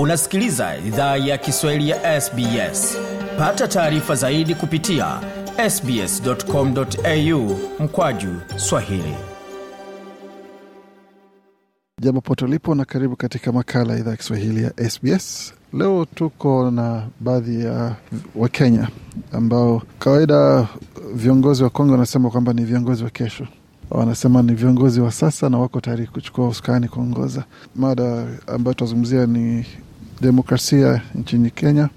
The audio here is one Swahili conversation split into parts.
unasikiliza idhaa ya kiswahili ya sbs pata taarifa zaidi kupitia sbscomau mkwaju swahili jambo pote ulipo na karibu katika makala ya idhaa ya kiswahili ya sbs leo tuko na baadhi ya wakenya ambao kawaida viongozi wa kongo wanasema kwamba ni viongozi wa kesho wanasema ni viongozi wa sasa na wako tayari kuchukua usukani kuongoza. Mada ambayo tunazungumzia ni demokrasia nchini Kenya.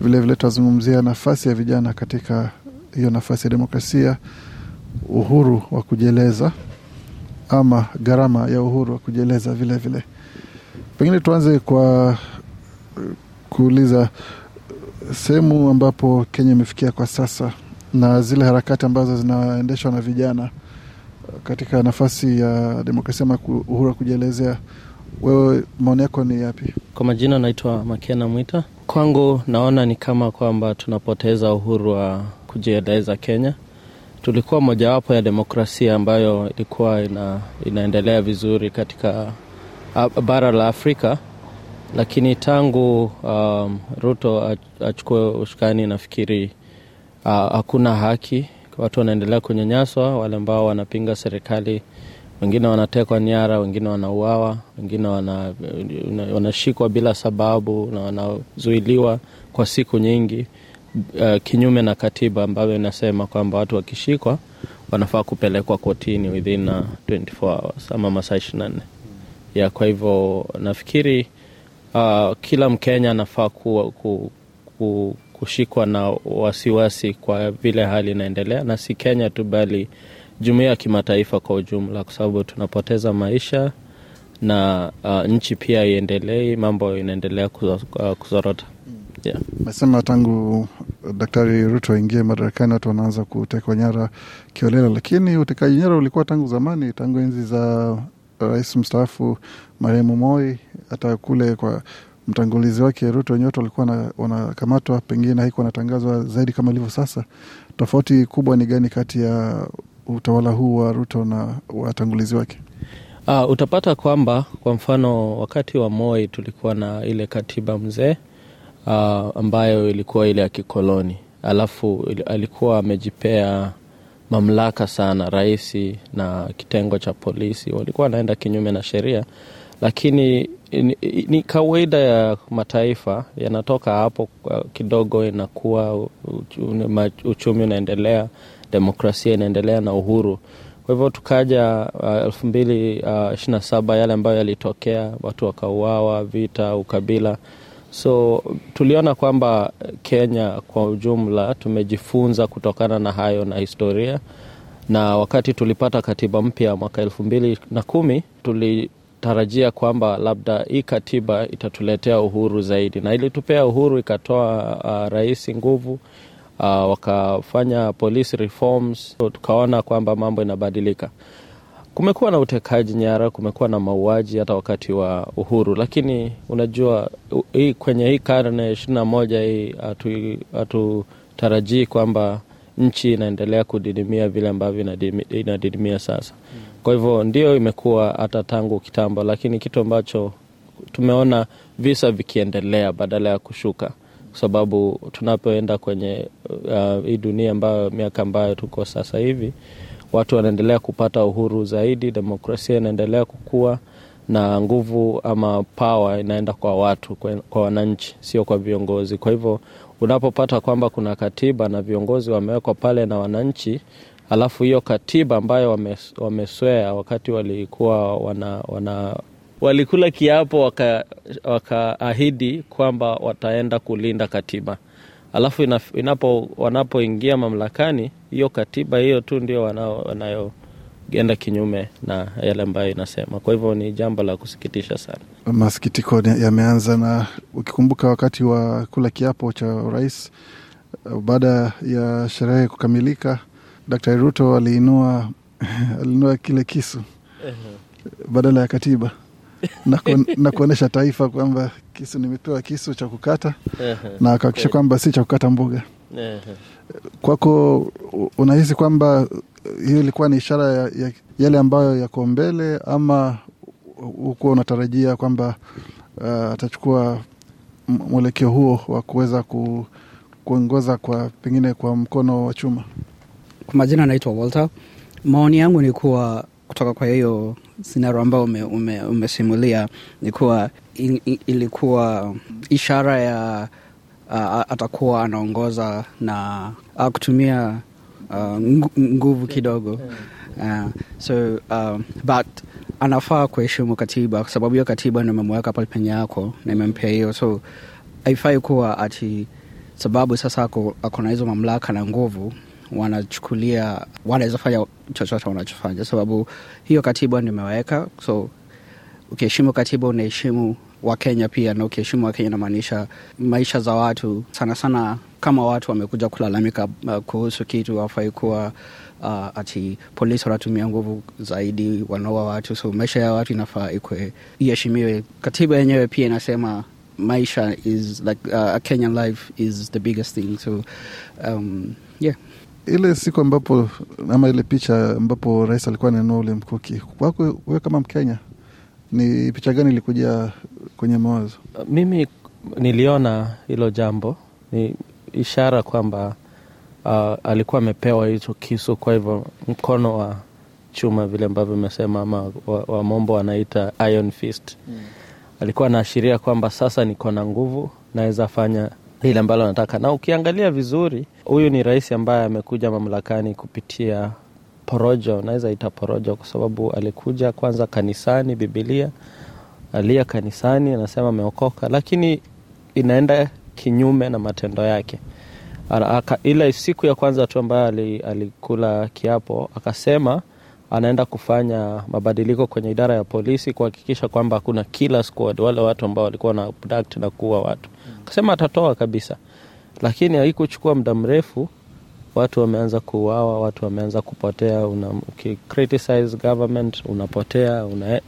Vilevile tutazungumzia nafasi ya vijana katika hiyo nafasi ya demokrasia, uhuru wa kujieleza ama gharama ya uhuru wa kujieleza vilevile. Pengine tuanze kwa kuuliza sehemu ambapo Kenya imefikia kwa sasa na zile harakati ambazo zinaendeshwa na vijana katika nafasi ya demokrasia ama uhuru wa kujielezea. Wewe maoni yako ni yapi? Kwa majina naitwa Makena Mwita. Kwangu naona ni kama kwamba tunapoteza uhuru wa kujieleza Kenya. Tulikuwa mojawapo ya demokrasia ambayo ilikuwa ina, inaendelea vizuri katika bara la Afrika, lakini tangu um, Ruto achukue ushukani, nafikiri uh, hakuna haki, watu wanaendelea kunyanyaswa, wale ambao wanapinga serikali wengine wanatekwa nyara, wengine wanauawa, wengine wanashikwa wana bila sababu na wanazuiliwa kwa siku nyingi, uh, kinyume na katiba ambayo inasema kwamba watu wakishikwa wanafaa kupelekwa kotini within 24 uh, hours ama masaa 24 ya. Kwa hivyo nafikiri uh, kila Mkenya anafaa ku, ku, ku, kushikwa na wasiwasi kwa vile hali inaendelea, na si Kenya tu bali jumuia ya kimataifa kwa ujumla, kwa sababu tunapoteza maisha na uh, nchi pia iendelei, mambo inaendelea uh, kuzorota. Mm. Yeah. tangu uh, Daktari Ruto aingie madarakani watu wanaanza kutekwa nyara kiolela, lakini utekaji nyara ulikuwa tangu zamani, tangu enzi za uh, rais mstaafu marehemu Moi, hata kule kwa mtangulizi wake Ruto wenye watu walikuwa wanakamatwa, pengine haikuwa wanatangazwa zaidi kama ilivyo sasa. Tofauti kubwa ni gani kati ya utawala huu wa Ruto na watangulizi wake? Uh, utapata kwamba kwa mfano wakati wa Moi tulikuwa na ile katiba mzee uh, ambayo ilikuwa ile ya kikoloni, alafu alikuwa amejipea mamlaka sana rahisi na kitengo cha polisi walikuwa wanaenda kinyume na sheria, lakini ni, ni kawaida ya mataifa yanatoka hapo ah, kidogo, inakuwa uchumi unaendelea demokrasia inaendelea na uhuru. Kwa hivyo tukaja uh, elfu mbili uh, na saba yale ambayo yalitokea, watu wakauawa, vita, ukabila. So tuliona kwamba Kenya kwa ujumla tumejifunza kutokana na hayo na historia, na wakati tulipata katiba mpya mwaka elfu mbili na kumi tulitarajia kwamba labda hii katiba itatuletea uhuru zaidi, na ilitupea uhuru, ikatoa uh, rahisi nguvu uh, wakafanya police reforms, so tukaona kwamba mambo inabadilika. Kumekuwa na utekaji nyara, kumekuwa na mauaji hata wakati wa uhuru, lakini unajua hii kwenye hii karne ya ishirini na moja hii hatutarajii kwamba nchi inaendelea kudidimia vile ambavyo inadidimia sasa. Kwa hivyo ndio imekuwa hata tangu kitambo, lakini kitu ambacho tumeona visa vikiendelea badala ya kushuka kwa sababu tunapoenda kwenye uh, hii dunia ambayo miaka ambayo tuko sasa hivi, watu wanaendelea kupata uhuru zaidi, demokrasia inaendelea kukua na nguvu ama pawa inaenda kwa watu, kwa wananchi, sio kwa viongozi. Kwa hivyo unapopata kwamba kuna katiba na viongozi wamewekwa pale na wananchi, alafu hiyo katiba ambayo wameswea wakati walikuwa wana, wana walikula kiapo wakaahidi waka kwamba wataenda kulinda katiba alafu wanapoingia mamlakani hiyo katiba hiyo tu ndio wanayogenda wana kinyume na yale ambayo inasema. Kwa hivyo ni jambo la kusikitisha sana. Masikitiko yameanza, na ukikumbuka wakati wa kula kiapo cha urais, uh, baada ya sherehe kukamilika, d Ruto aliinua aliinua kile kisu badala ya katiba na kuonyesha taifa kwamba kisu nimepewa kisu cha kukata na akaakisha eh. kwamba si cha kukata mboga. Kwako unahisi kwamba eh, hiyo ilikuwa ni ishara ya, ya yale ambayo yako mbele, ama hukuwa unatarajia kwamba uh, atachukua mwelekeo huo wa kuweza ku, kuongoza kwa pengine kwa mkono wa chuma? Kwa majina anaitwa Walter. Maoni yangu ni kuwa kutoka kwa hiyo sinaro ambayo ume, ume, umesimulia ni kuwa ilikuwa ishara ya uh, atakuwa anaongoza na uh, kutumia uh, nguvu kidogo uh, so uh, but anafaa kuheshimu katiba kwa sababu hiyo katiba ndo imemweka pale penye yako na imempea hiyo so haifai kuwa ati sababu sasa ako na hizo mamlaka na nguvu wanachukulia wanaweza fanya chochote unachofanya, sababu hiyo katiba nimeweka. So ukiheshimu katiba unaheshimu Wakenya pia, na ukiheshimu Wakenya inamaanisha maisha za watu sana sana. Kama watu wamekuja kulalamika uh, kuhusu kitu wafai kuwa uh, ati polisi wanatumia nguvu zaidi, wanaua watu. So maisha ya watu inafaa ikwe iheshimiwe. Katiba yenyewe pia inasema maisha is like, uh, a Kenyan life is the biggest thing so um, yeah ile siku ambapo ama ile picha ambapo rais alikuwa nanua ule mkuki, kwako wewe kama Mkenya, ni picha gani ilikuja kwenye mawazo? Mimi niliona hilo jambo ni ishara kwamba uh, alikuwa amepewa hicho kisu, kwa hivyo mkono wa chuma vile ambavyo imesema ama wamombo wa wanaita iron fist mm. Alikuwa anaashiria kwamba sasa niko na nguvu, naweza fanya hili ambalo anataka. Na ukiangalia vizuri, huyu ni rais ambaye amekuja mamlakani kupitia porojo, unaweza ita porojo, kwa sababu alikuja kwanza kanisani. Bibilia alia kanisani, anasema ameokoka, lakini inaenda kinyume na matendo yake. Ila siku ya kwanza tu ambayo alikula kiapo akasema anaenda kufanya mabadiliko kwenye idara ya polisi kuhakikisha kwamba hakuna kila squad, wale watu ambao walikuwa na abduct na kuua watu. Akasema atatoa kabisa, lakini haikuchukua muda mrefu, watu wameanza kuuawa, watu wameanza kupotea. Una criticize government unapotea, una,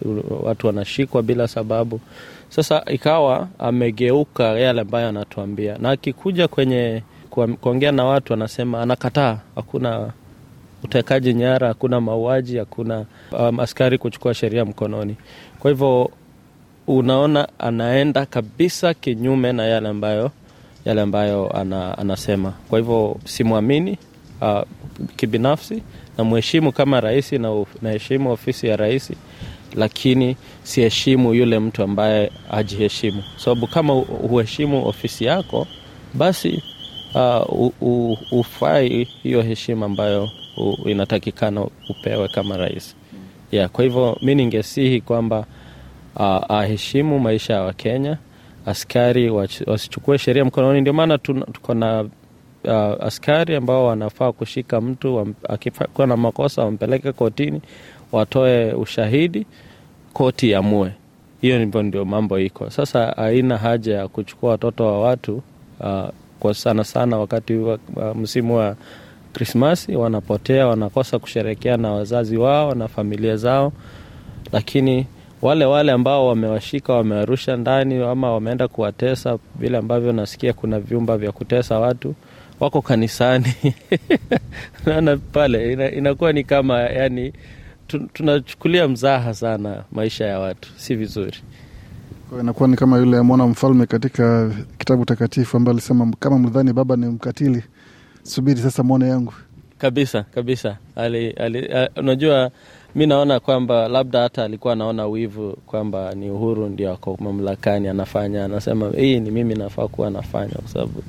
watu wanashikwa bila sababu. Sasa ikawa amegeuka yale ambayo anatuambia, na akikuja kwenye kuongea na watu anasema anakataa, hakuna utekaji nyara, hakuna mauaji, hakuna um, askari kuchukua sheria mkononi. Kwa hivyo unaona anaenda kabisa kinyume na yale ambayo yale ambayo ana, anasema. Kwa hivyo simwamini uh, kibinafsi na mheshimu kama rais na naheshimu ofisi ya rais, lakini siheshimu yule mtu ambaye hajiheshimu, sababu so, kama huheshimu ofisi yako basi uh, ufai hiyo heshima ambayo inatakikana upewe kama rais yeah. Kwa hivyo mi ningesihi kwamba uh, aheshimu maisha ya Wakenya, askari wasichukue sheria mkononi. Ndio maana tuko na uh, askari ambao wanafaa kushika mtu akikuwa na makosa wampeleke kotini, watoe ushahidi, koti amue. Hiyo ndio ndio mambo iko sasa. Haina haja ya kuchukua watoto wa watu uh, kwa sana sana wakati wa, uh, msimu wa Krismasi wanapotea, wanakosa kusherekea na wazazi wao na familia zao, lakini wale wale ambao wamewashika wamewarusha ndani ama wameenda kuwatesa, vile ambavyo nasikia kuna vyumba vya kutesa watu wako kanisani naona pale ina, inakuwa ni kama yani tunachukulia mzaha sana maisha ya watu, si vizuri. Inakuwa ni kama yule mwana mfalme katika kitabu takatifu ambaye alisema, kama mdhani baba ni mkatili subiri sasa mwone yangu kabisa kabisa. ali, ali, unajua mi naona kwamba labda hata alikuwa anaona wivu kwamba ni Uhuru ndio ako mamlakani, anafanya anasema, hii ni mimi nafaa kuwa anafanya, kwa sababu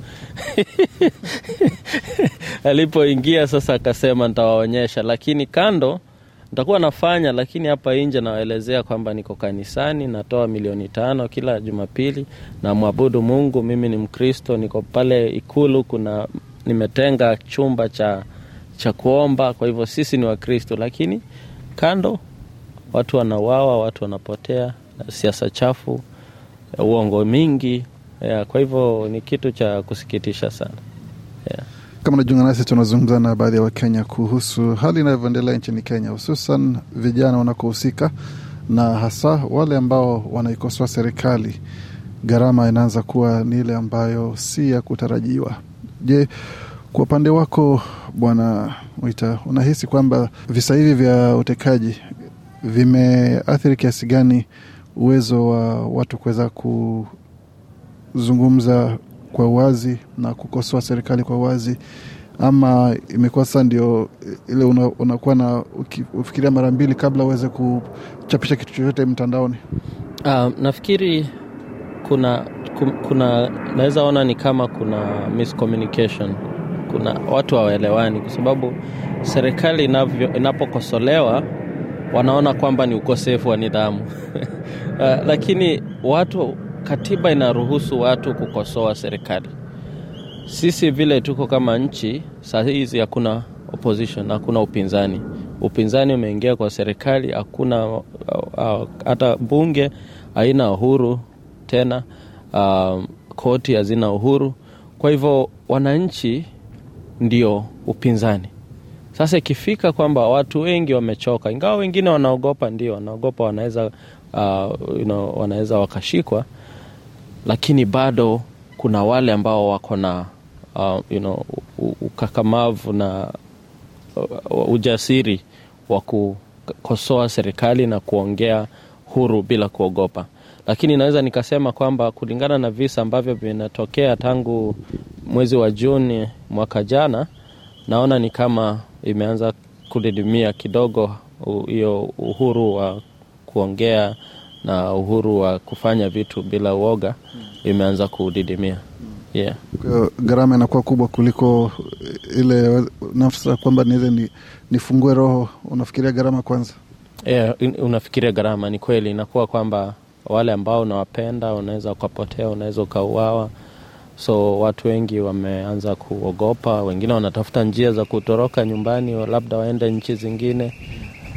alipoingia sasa akasema nitawaonyesha, lakini kando nitakuwa nafanya, lakini hapa nje nawaelezea kwamba niko kanisani, natoa milioni tano kila Jumapili, namwabudu Mungu, mimi ni Mkristo, niko pale Ikulu, kuna nimetenga chumba cha, cha kuomba. Kwa hivyo sisi ni Wakristo, lakini kando watu wanauawa, watu wanapotea, siasa chafu, eh, uongo mingi ya, Kwa hivyo ni kitu cha kusikitisha sana ya. Kama najunga nasi, tunazungumza na baadhi ya Wakenya kuhusu hali inavyoendelea nchini Kenya, hususan vijana wanakohusika na hasa wale ambao wanaikosoa serikali. Gharama inaanza kuwa ni ile ambayo si ya kutarajiwa. Je, kwa upande wako Bwana Mwita, unahisi kwamba visa hivi vya utekaji vimeathiri kiasi gani uwezo wa watu kuweza kuzungumza kwa uwazi na kukosoa serikali kwa uwazi, ama imekuwa sasa ndio ile unakuwa una na ufikiria mara mbili kabla uweze kuchapisha kitu chochote mtandaoni? Uh, nafikiri kuna, kuna naweza ona ni kama kuna miscommunication kuna watu hawaelewani kwa sababu serikali inapokosolewa wanaona kwamba ni ukosefu wa nidhamu uh, lakini watu katiba inaruhusu watu kukosoa serikali sisi vile tuko kama nchi saa hizi hakuna opposition hakuna upinzani upinzani umeingia kwa serikali hakuna ah, ah, hata bunge haina uhuru tena, um, koti hazina uhuru. Kwa hivyo wananchi ndio upinzani. Sasa ikifika kwamba watu wengi wamechoka, ingawa wengine wanaogopa, ndio wanaogopa, wanaweza uh, you know, wanaweza wakashikwa, lakini bado kuna wale ambao wako na uh, you know, ukakamavu na uh, ujasiri wa kukosoa serikali na kuongea huru bila kuogopa lakini naweza nikasema kwamba kulingana na visa ambavyo vinatokea tangu mwezi wa Juni mwaka jana, naona ni kama imeanza kudidimia kidogo hiyo uhuru wa kuongea na uhuru wa kufanya vitu bila uoga imeanza kudidimia. Yeah. Gharama inakuwa kubwa kuliko ile nafsa kwamba nize nifungue roho. Unafikiria gharama kwanza? Yeah, unafikiria gharama. Ni kweli inakuwa kwamba wale ambao unawapenda, unaweza ukapotea, unaweza ukauawa. So watu wengi wameanza kuogopa, wengine wanatafuta njia za kutoroka nyumbani, labda waende nchi zingine.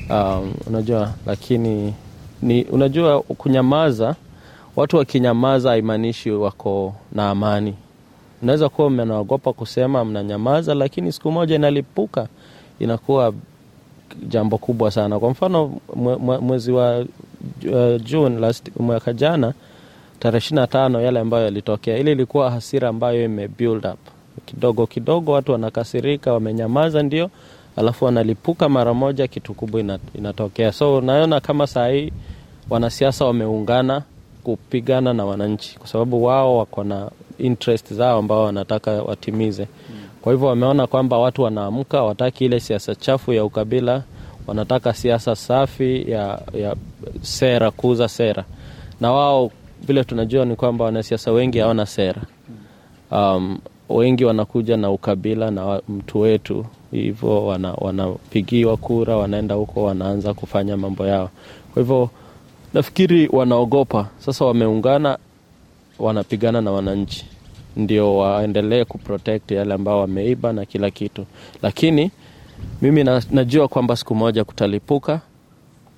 Um, unajua lakini ni, unajua kunyamaza, watu wakinyamaza haimaanishi wako na amani. Unaweza kuwa mnaogopa kusema, mnanyamaza, lakini siku moja inalipuka, inakuwa jambo kubwa sana. Kwa mfano mwezi wa uh, June last mwaka jana tarehe ishirini na tano yale ambayo yalitokea, ile ilikuwa hasira ambayo ime build up kidogo kidogo, watu wanakasirika, wamenyamaza ndio, alafu wanalipuka mara moja, kitu kubwa inatokea. So naona kama saa hii wanasiasa wameungana kupigana na wananchi, kwa sababu wao wako na interest zao ambao wanataka watimize. Kwa hivyo wameona kwamba watu wanaamka, wataki ile siasa chafu ya ukabila, wanataka siasa safi ya, ya sera, kuuza sera, na wao vile tunajua ni kwamba wanasiasa wengi hawana sera. Um, wengi wanakuja na ukabila na mtu wetu hivyo, wanapigiwa wana kura, wanaenda huko, wanaanza kufanya mambo yao. Kwa hivyo nafikiri wanaogopa sasa, wameungana, wanapigana na wananchi ndio waendelee kuprotect yale ambao wameiba na kila kitu, lakini mimi na, najua kwamba siku moja kutalipuka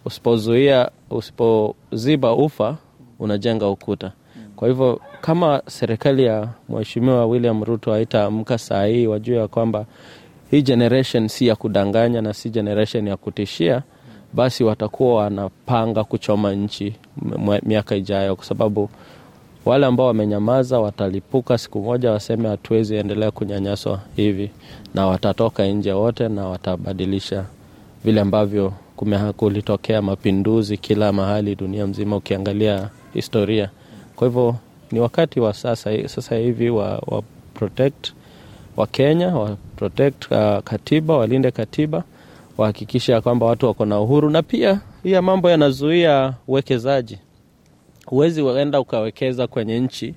usipozuia, usipoziba ufa unajenga ukuta. Kwa hivyo kama serikali ya Mheshimiwa William Ruto haitaamka saa hii, wajue ya kwamba hii generation si ya kudanganya na si generation ya kutishia, basi watakuwa wanapanga kuchoma nchi miaka ijayo, kwa sababu wale ambao wamenyamaza watalipuka siku moja, waseme hatuwezi endelea kunyanyaswa hivi, na watatoka nje wote na watabadilisha vile ambavyo kulitokea mapinduzi kila mahali dunia mzima, ukiangalia historia. Kwa hivyo ni wakati wa sasa, sasa hivi wa, wa protect Kenya wa protect uh, katiba, walinde katiba, wahakikisha ya kwamba watu wako na uhuru, na pia hiya mambo yanazuia uwekezaji. Huwezi enda ukawekeza kwenye nchi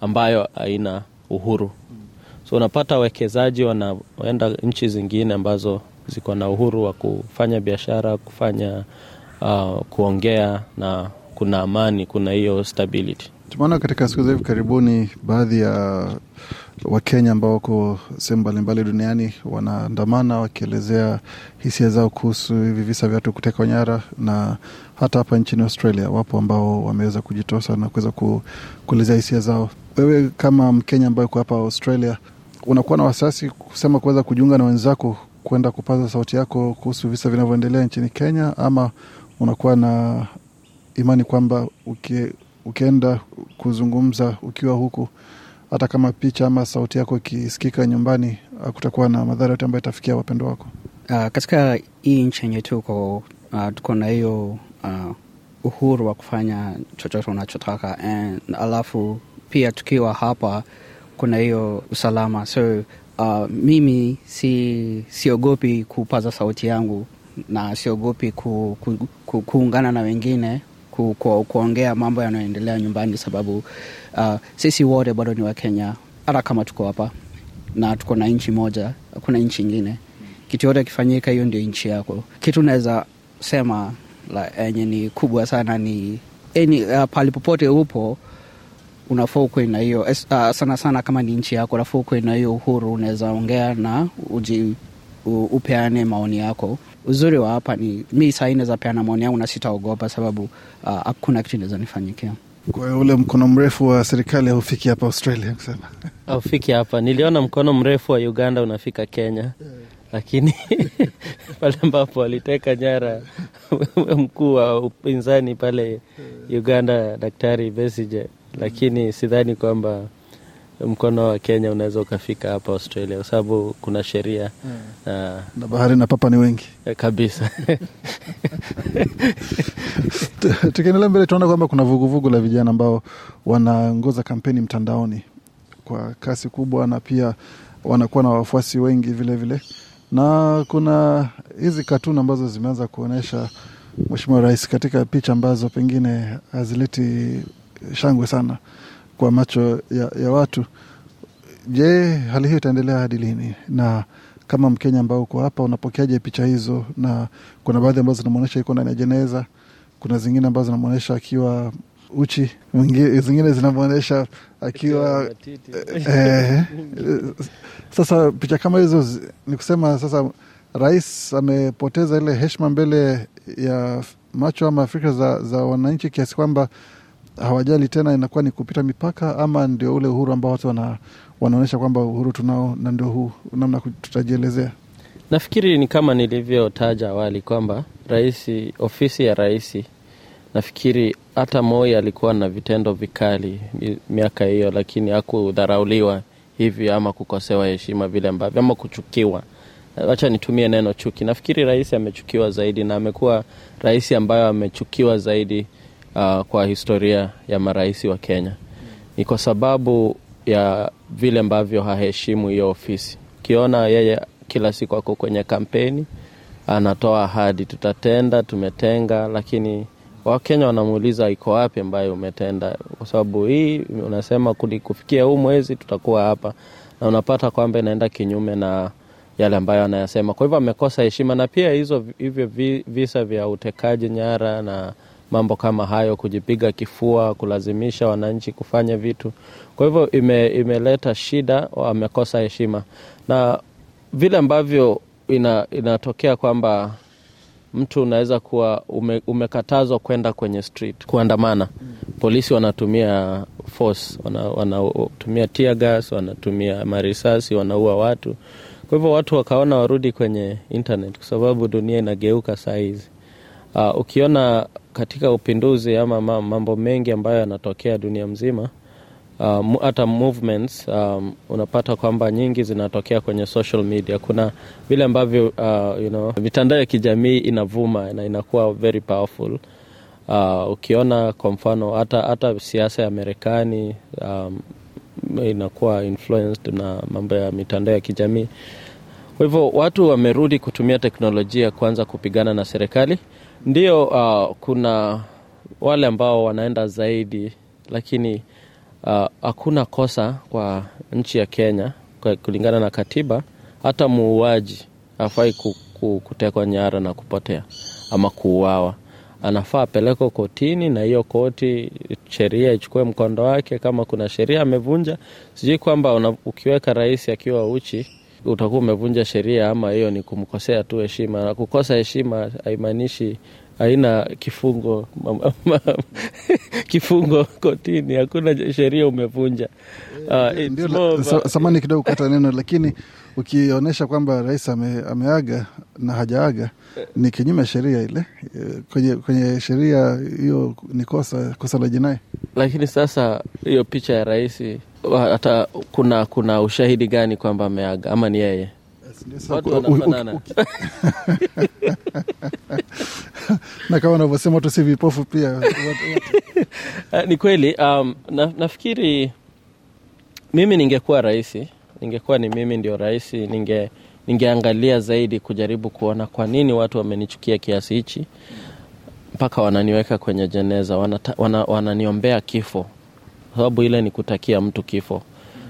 ambayo haina uhuru, so unapata wawekezaji wanaenda nchi zingine ambazo ziko na uhuru wa kufanya biashara, kufanya uh, kuongea na kuna amani, kuna hiyo stability. Tumeona katika siku za hivi karibuni baadhi ya Wakenya ambao wako sehemu mbalimbali duniani wanaandamana wakielezea hisia zao kuhusu hivi visa vya watu kutekwa nyara, na hata hapa nchini Australia wapo ambao wameweza kujitosa na kuweza kuelezea hisia zao. Wewe kama Mkenya ambaye uko hapa Australia, unakuwa na wasiwasi kusema kuweza kujiunga na wenzako kwenda kupaza sauti yako kuhusu visa vinavyoendelea nchini Kenya, ama unakuwa na imani kwamba ukie, ukienda kuzungumza ukiwa huku, hata kama picha ama sauti yako ikisikika nyumbani, kutakuwa na madhara yote ambayo itafikia wapendo wako? Uh, katika hii nchi yenye tuko uh, tuko na hiyo uh, uhuru wa kufanya chochote unachotaka, alafu pia tukiwa hapa kuna hiyo usalama so Uh, mimi si siogopi kupaza sauti yangu na siogopi ku, ku, ku, kuungana na wengine ku, ku, kuongea mambo yanayoendelea nyumbani, sababu uh, sisi wote bado ni Wakenya, hata kama tuko hapa na tuko na nchi moja, hakuna nchi ingine. Kitu yote kifanyika, hiyo ndio nchi yako. Kitu naweza sema la eh, enye ni kubwa sana ni eni, eh, uh, ah, pali popote upo unafaa ukuwe na hiyo uh, sana sana kama ni nchi yako unafaa ukuwe na hiyo uhuru, unaweza ongea na uji, upeane maoni yako. Uzuri wa hapa ni mi sahii naweza peana maoni yangu na sitaogopa, sababu ah, hakuna uh, kitu inaweza nifanyikia. Kwa ule mkono mrefu wa serikali haufiki hapa Australia, kusema haufiki hapa. Niliona mkono mrefu wa Uganda unafika Kenya, lakini pale ambapo waliteka nyara mkuu wa upinzani pale Uganda, Daktari Besije lakini sidhani kwamba mkono wa Kenya unaweza ukafika hapa Australia kwa sababu kuna sheria yeah. Hmm. uh, na bahari na papa ni wengi eh, kabisa. Tukiendelea mbele, tunaona kwamba kuna vuguvugu vugu la vijana ambao wanaongoza kampeni mtandaoni kwa kasi kubwa na pia wanakuwa na wafuasi wengi vilevile vile. Na kuna hizi katuni ambazo zimeanza kuonyesha Mheshimiwa Rais katika picha ambazo pengine hazileti shangwe sana kwa macho ya, ya watu. Je, hali hiyo itaendelea hadi lini? Na kama Mkenya ambao uko hapa, unapokeaje picha hizo? Na kuna baadhi ambazo zinamwonyesha iko ndani ya jeneza, kuna zingine ambazo zinamwonyesha akiwa uchi, zingine zinamwonyesha akiwa eh, eh, sasa picha kama hizo ni kusema sasa rais amepoteza ile heshima mbele ya macho ama fikra za, za wananchi kiasi kwamba hawajali tena inakuwa ni kupita mipaka ama ndio ule uhuru ambao watu wana, wanaonyesha kwamba uhuru tunao na ndio huu namna tutajielezea. Nafikiri ni kama nilivyotaja awali kwamba rais, ofisi ya rais, nafikiri hata Moi alikuwa na vitendo vikali miaka hiyo, lakini hakudharauliwa hivi ama kukosewa heshima vile ambavyo ama kuchukiwa. Wacha nitumie neno chuki. Nafikiri rais amechukiwa zaidi na amekuwa rais ambayo amechukiwa zaidi uh, kwa historia ya marais wa Kenya ni kwa sababu ya vile ambavyo haheshimu hiyo ofisi. Ukiona yeye kila siku ako kwenye kampeni anatoa ahadi, tutatenda, tumetenga, lakini Wakenya wanamuuliza iko wapi ambayo umetenda? Kwa sababu hii unasema kufikia huu mwezi tutakuwa hapa, na unapata kwamba inaenda kinyume na yale ambayo anayasema. Kwa hivyo amekosa heshima, na pia hizo hivyo visa vya utekaji nyara na mambo kama hayo, kujipiga kifua, kulazimisha wananchi kufanya vitu. Kwa hivyo ime, imeleta shida, wamekosa heshima na vile ambavyo ina, inatokea kwamba mtu unaweza kuwa ume, umekatazwa kwenda kwenye street kuandamana, polisi wanatumia force, wanatumia wana tear gas, wanatumia marisasi, wanaua watu. Kwa hivyo watu wakaona warudi kwenye internet, kwa sababu dunia inageuka saa hizi. Uh, ukiona katika upinduzi ama mambo mengi ambayo yanatokea dunia mzima uh, hata uh, movements um, unapata kwamba nyingi zinatokea kwenye social media. Kuna vile ambavyo uh, you know, mitandao ya kijamii inavuma na inakuwa very powerful. Uh, ukiona kwa mfano hata hata siasa ya Marekani um, inakuwa influenced na mambo ya mitandao ya kijamii. Kwa hivyo watu wamerudi kutumia teknolojia kwanza kupigana na serikali ndio uh, kuna wale ambao wanaenda zaidi, lakini uh, hakuna uh, kosa kwa nchi ya Kenya kulingana na katiba. Hata muuaji afai kutekwa nyara na kupotea ama kuuawa, anafaa apelekwa kotini, na hiyo koti sheria ichukue mkondo wake. Kama kuna sheria amevunja, sijui kwamba ukiweka rahis akiwa uchi utakuwa umevunja sheria ama hiyo ni kumkosea tu heshima, na kukosa heshima haimaanishi haina kifungo kifungo kotini, hakuna sheria umevunja. Uh, samani kidogo kata neno lakini ukionyesha kwamba rais ame, ameaga na hajaaga ni kinyume sheria ile kwenye, kwenye sheria hiyo ni kosa kosa la jinai. Lakini sasa hiyo picha ya rais hata kuna kuna ushahidi gani kwamba ameaga ama ni yeye? na kama unavyosema watu si vipofu pia. Ah, ni kweli um, na, nafikiri mimi ningekuwa rahisi ningekuwa ni mimi ndio rais, ninge ningeangalia zaidi kujaribu kuona kwa nini watu wamenichukia kiasi hichi mpaka wananiweka kwenye jeneza, wananiombea wana, wananiombea kifo, sababu ile ni kutakia mtu kifo.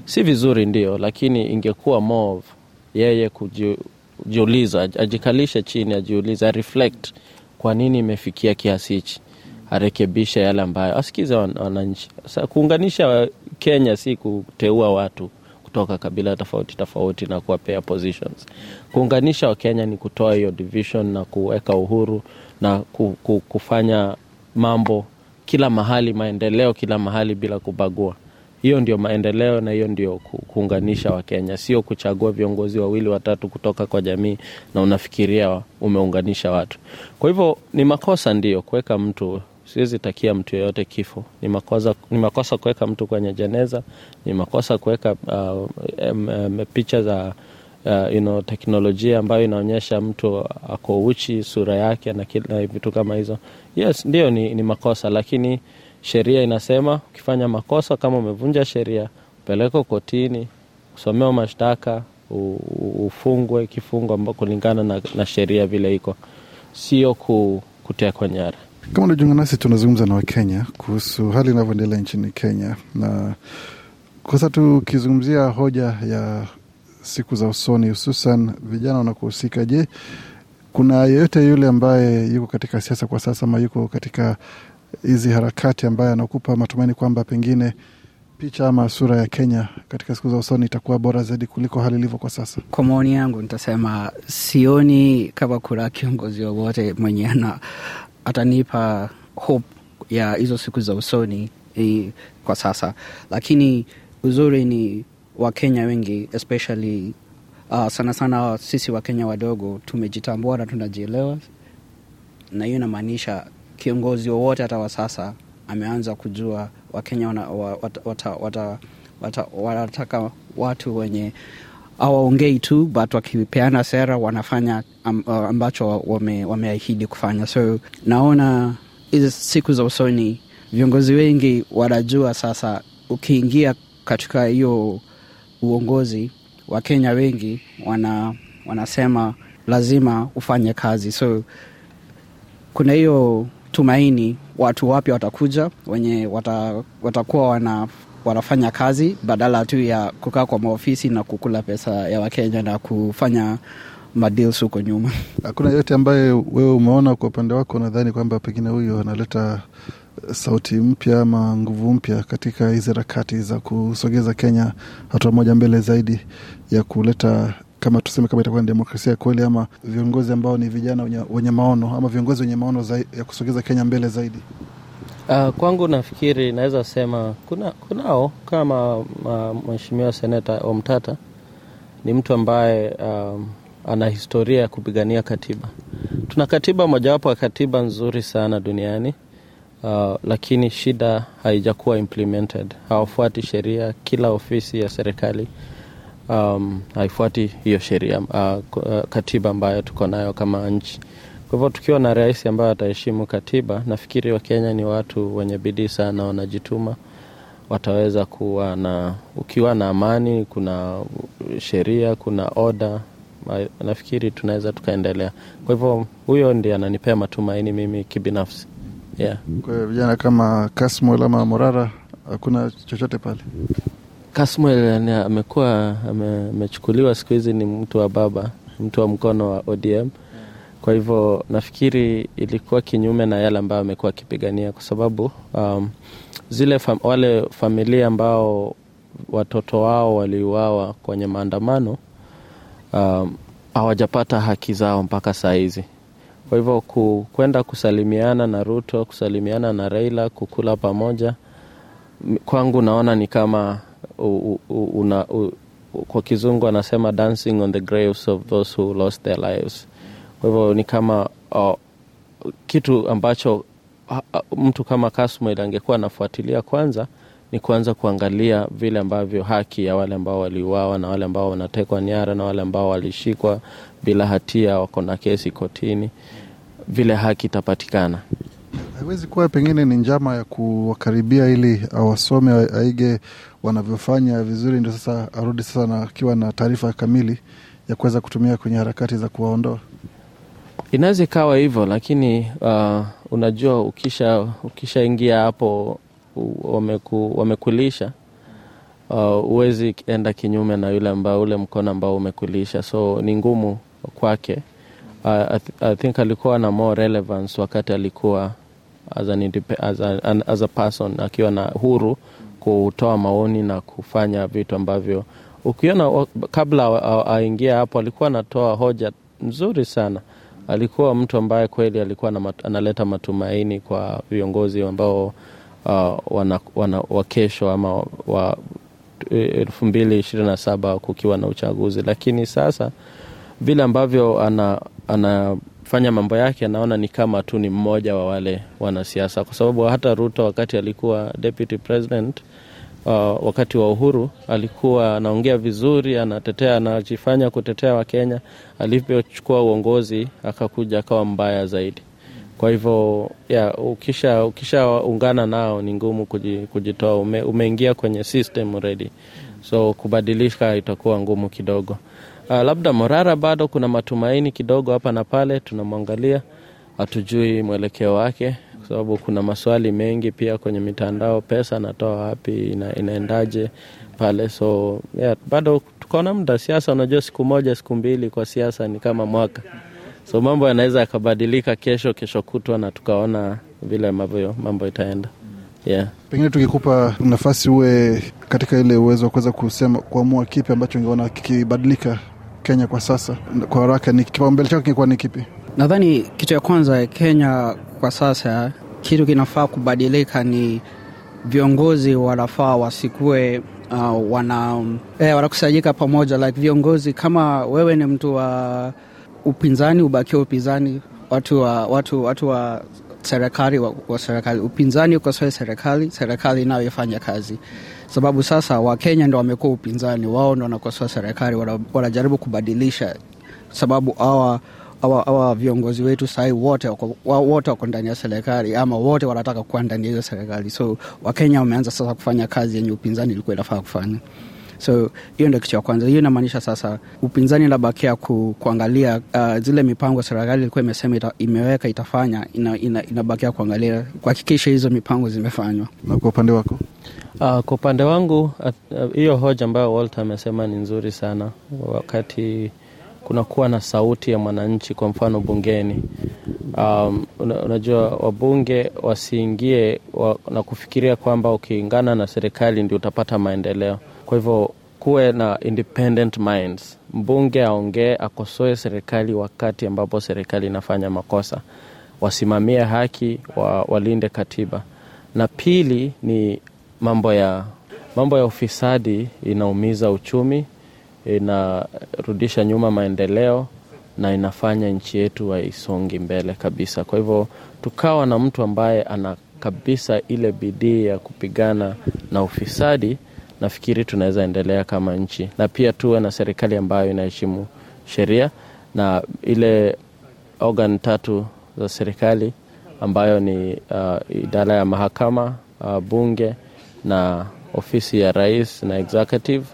Si vizuri ndio, lakini ingekuwa mov yeye kujiuliza, ajikalishe chini, ajiuliza areflect kwa nini imefikia kiasi hichi, arekebishe yale ambayo, asikize wananchi. Kuunganisha Kenya si kuteua watu kutoka kabila tofauti tofauti na kuwapea positions. Kuunganisha Wakenya ni kutoa hiyo division na kuweka uhuru na kufanya mambo kila mahali, maendeleo kila mahali bila kubagua. Hiyo ndio maendeleo na hiyo ndio kuunganisha Wakenya, sio kuchagua viongozi wawili watatu kutoka kwa jamii na unafikiria umeunganisha watu. Kwa hivyo ni makosa ndio kuweka mtu Siwezi takia mtu yeyote kifo. Ni makosa, ni makosa kuweka mtu kwenye jeneza, ni makosa kuweka uh, picha za uh, you know, teknolojia ambayo inaonyesha mtu ako uchi sura yake na vitu kama hizo. Yes, ndio ni, ni makosa, lakini sheria inasema ukifanya makosa kama umevunja sheria, upelekwa kotini, usomewa mashtaka, ufungwe kifungo kulingana na, na sheria vile iko, sio kutekwa nyara. Kama unajiunga nasi, tunazungumza na Wakenya kuhusu hali inavyoendelea nchini Kenya, na kwanza tukizungumzia hoja ya siku za usoni, hususan vijana wanakuhusika. Je, kuna yeyote yule ambaye yuko katika siasa kwa sasa ama yuko katika hizi harakati ambaye anakupa matumaini kwamba pengine picha ama sura ya Kenya katika siku za usoni itakuwa bora zaidi kuliko hali ilivyo kwa sasa? Kwa maoni yangu, nitasema sioni kama kuna kiongozi wowote mwenye ana atanipa hope ya hizo siku za usoni eh, kwa sasa, lakini uzuri ni Wakenya wengi especially uh, sana sana sisi Wakenya wadogo tumejitambua na tunajielewa, na hiyo inamaanisha kiongozi wowote hata wa sasa ameanza kujua Wakenya wanataka wata, wata, wata, wata, wata, wata, watu wenye hawaongei tu but wakipeana sera wanafanya uh, ambacho wame, wameahidi kufanya so naona hizi siku za usoni viongozi wengi wanajua sasa ukiingia katika hiyo uongozi wakenya wengi wana, wanasema lazima ufanye kazi so kuna hiyo tumaini watu wapya watakuja wenye wata, watakuwa wana wanafanya kazi badala tu ya kukaa kwa maofisi na kukula pesa ya Wakenya na kufanya madeals huko nyuma. Hakuna yote ambaye wewe umeona kwa upande wako unadhani kwamba pengine huyo analeta eh, sauti mpya ama nguvu mpya katika hizi harakati za kusogeza Kenya hatua moja mbele zaidi ya kuleta kama tuseme kama itakuwa ni demokrasia kweli, ama viongozi ambao ni vijana wenye maono ama viongozi wenye maono ya kusogeza Kenya mbele zaidi. Uh, kwangu nafikiri naweza sema kuna, kunao kama uh, mheshimiwa seneta Omtata ni mtu ambaye um, ana historia ya kupigania katiba. Tuna katiba mojawapo ya katiba nzuri sana duniani uh, lakini shida haijakuwa implemented. Hawafuati sheria, kila ofisi ya serikali um, haifuati hiyo sheria uh, katiba ambayo tuko nayo kama nchi. Kwa hivyo tukiwa na rais ambaye ataheshimu katiba, nafikiri Wakenya ni watu wenye bidii sana, wanajituma, wataweza kuwa na, ukiwa na amani, kuna sheria, kuna oda, nafikiri tunaweza tukaendelea. Kwa hivyo huyo ndiye ananipea matumaini mimi kibinafsi, yeah. vijana kama Kasmuel ama Morara hakuna chochote pale. Kasmuel amekuwa amechukuliwa, siku hizi ni mtu wa baba, mtu wa mkono wa ODM kwa hivyo nafikiri ilikuwa kinyume na yale ambayo amekuwa akipigania, kwa sababu um, zile fam, wale familia ambao watoto wao waliuawa kwenye maandamano um, hawajapata um, haki zao mpaka saa hizi. Kwa hivyo kwenda kusalimiana na Ruto, kusalimiana na Raila, kukula pamoja, kwangu naona ni kama u, u, una, u, kwa kizungu anasema dancing on the graves of those who lost their lives kwa hivyo ni kama uh, kitu ambacho uh, mtu kama Kasmuel angekuwa anafuatilia kwanza ni kuanza kuangalia vile ambavyo haki ya wale ambao waliuawa na wale ambao wanatekwa nyara na wale ambao walishikwa bila hatia, wako na kesi kotini, vile haki itapatikana. Haiwezi kuwa pengine ni njama ya kuwakaribia ili awasome aige wanavyofanya vizuri, ndio sasa arudi sasa na akiwa na taarifa kamili ya kuweza kutumia kwenye harakati za kuwaondoa. Inaweza ikawa hivyo, lakini uh, unajua ukishaingia ukisha hapo wameku, wamekulisha uh, huwezi uh, enda kinyume na yule ambao ule mkono ambao umekulisha, so ni ngumu kwake. Uh, I, th I think alikuwa na more relevance wakati alikuwa as, an as, a, an, as a person akiwa na huru kutoa maoni na kufanya vitu ambavyo ukiona kabla aingia hapo alikuwa anatoa hoja nzuri sana alikuwa mtu ambaye kweli alikuwa analeta matumaini kwa viongozi ambao uh, wana, wana, wakesho ama wa elfu mbili ishirini na saba kukiwa na uchaguzi, lakini sasa vile ambavyo ana, anafanya mambo yake anaona ni kama tu ni mmoja wa wale wanasiasa, kwa sababu hata Ruto wakati alikuwa deputy president uh, wakati wa uhuru alikuwa anaongea vizuri, anatetea, anajifanya kutetea Wakenya. Alivyochukua uongozi akakuja akawa mbaya zaidi. Kwa hivyo ukisha ukishaungana nao ni ngumu kujitoa. Ume, umeingia kwenye system ready, so kubadilika itakuwa ngumu kidogo. Uh, labda Morara bado kuna matumaini kidogo hapa na pale, tunamwangalia, hatujui mwelekeo wake sababu kuna maswali mengi pia kwenye mitandao, pesa natoa wapi, ina, inaendaje pale. So yeah, bado tukaona mda Siasa unajua, siku moja siku mbili kwa siasa ni kama mwaka, so mambo yanaweza yakabadilika kesho kesho kutwa, na tukaona vile ambavyo mambo itaenda yeah. Pengine tukikupa nafasi uwe katika ile uwezo wa kuweza kusema kuamua kipi ambacho ungeona kikibadilika Kenya kwa sasa kwa haraka, ni kipaumbele chako kingekuwa ni kipi? Nadhani kitu ya kwanza Kenya kwa sasa kitu kinafaa kubadilika ni viongozi wanafaa wasikue uh, wana eh, wanakusanyika pamoja like viongozi kama wewe ni mtu wa upinzani ubakie upinzani watu wa, watu, watu wa serikali wa, wa serikali upinzani ukosoe serikali serikali inayoifanya kazi sababu sasa wakenya ndo wamekuwa upinzani wao ndo wanakosoa serikali wanajaribu kubadilisha sababu awa awa viongozi wetu sahi wote wote wako ndani ya serikali ama wote wanataka kuwa ndani ya hiyo serikali, so Wakenya wameanza sasa kufanya kazi yenye upinzani ilikuwa inafaa kufanya. So hiyo ndio kitu ya kwanza. Hiyo inamaanisha sasa upinzani inabakia ku, kuangalia uh, zile mipango serikali ilikuwa imesema ita, imeweka itafanya ina, ina, inabakia kuangalia kuhakikisha hizo mipango zimefanywa. Na kwa upande wako? Uh, kwa upande wangu uh, uh, hiyo uh, hoja ambayo Walter amesema ni nzuri sana wakati kunakuwa na sauti ya mwananchi, kwa mfano bungeni. Um, unajua wabunge wasiingie wa, na kufikiria kwamba ukiingana na serikali ndio utapata maendeleo. Kwa hivyo kuwe na independent minds, mbunge aongee, akosoe serikali wakati ambapo serikali inafanya makosa, wasimamie haki wa, walinde katiba. Na pili ni mambo ya mambo ya ufisadi inaumiza uchumi inarudisha nyuma maendeleo na inafanya nchi yetu waisongi mbele kabisa. Kwa hivyo tukawa na mtu ambaye ana kabisa ile bidii ya kupigana na ufisadi, nafikiri tunaweza endelea kama nchi, na pia tuwe na serikali ambayo inaheshimu sheria na ile organ tatu za serikali ambayo ni uh, idara ya mahakama uh, bunge na ofisi ya rais na executive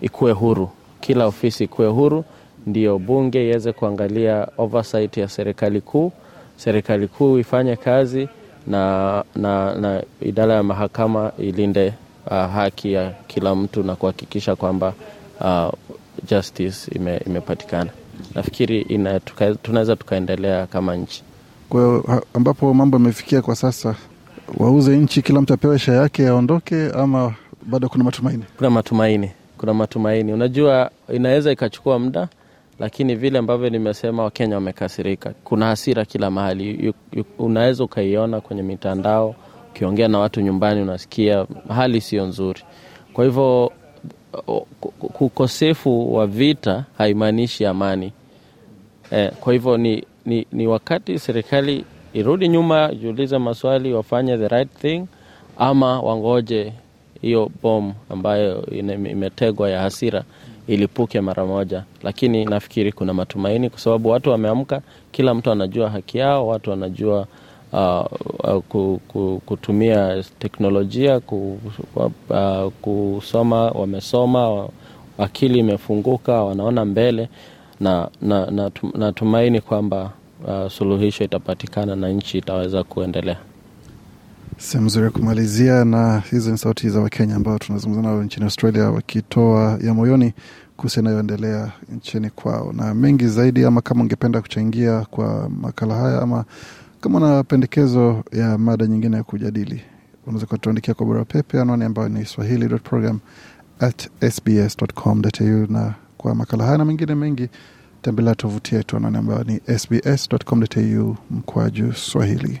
ikuwe huru kila ofisi kuwe huru, ndio bunge iweze kuangalia oversight ya serikali kuu, serikali kuu ifanye kazi na, na, na idara ya mahakama ilinde uh, haki ya kila mtu na kuhakikisha kwamba uh, justice ime, imepatikana. Nafikiri tuka, tunaweza tukaendelea kama nchi. Kwa ambapo mambo yamefikia kwa sasa, wauze nchi, kila mtu apewe shaa yake aondoke, ama bado kuna matumaini? Kuna matumaini kuna matumaini. Unajua, inaweza ikachukua muda, lakini vile ambavyo nimesema, Wakenya wamekasirika, kuna hasira kila mahali. Unaweza ukaiona kwenye mitandao, ukiongea na watu nyumbani, unasikia hali sio nzuri. Kwa hivyo ukosefu wa vita haimaanishi amani. Eh, kwa hivyo ni, ni, ni wakati serikali irudi nyuma, jiulize maswali, wafanye the right thing ama wangoje hiyo bom ambayo imetegwa ya hasira ilipuke mara moja, lakini nafikiri kuna matumaini kwa sababu watu wameamka, kila mtu anajua haki yao, watu wanajua Uh, uh, kutumia teknolojia ku, uh, kusoma, wamesoma, akili imefunguka, wanaona mbele na natumaini na, na kwamba uh, suluhisho itapatikana na nchi itaweza kuendelea. Sehemu nzuri ya kumalizia, na hizo ni sauti za Wakenya ambao tunazungumza nao nchini Australia wakitoa ya moyoni kuhusu yanayoendelea nchini kwao na mengi zaidi. Ama kama ungependa kuchangia kwa makala haya, ama kama una pendekezo ya mada nyingine ya kujadili, unaweza kutuandikia kwa barua pepe, anwani ambayo ni swahili.program@sbs.com.au. Na kwa makala haya na mengine mengi, tembelea tovuti yetu, anwani ambayo ni sbs.com.au mkwaju swahili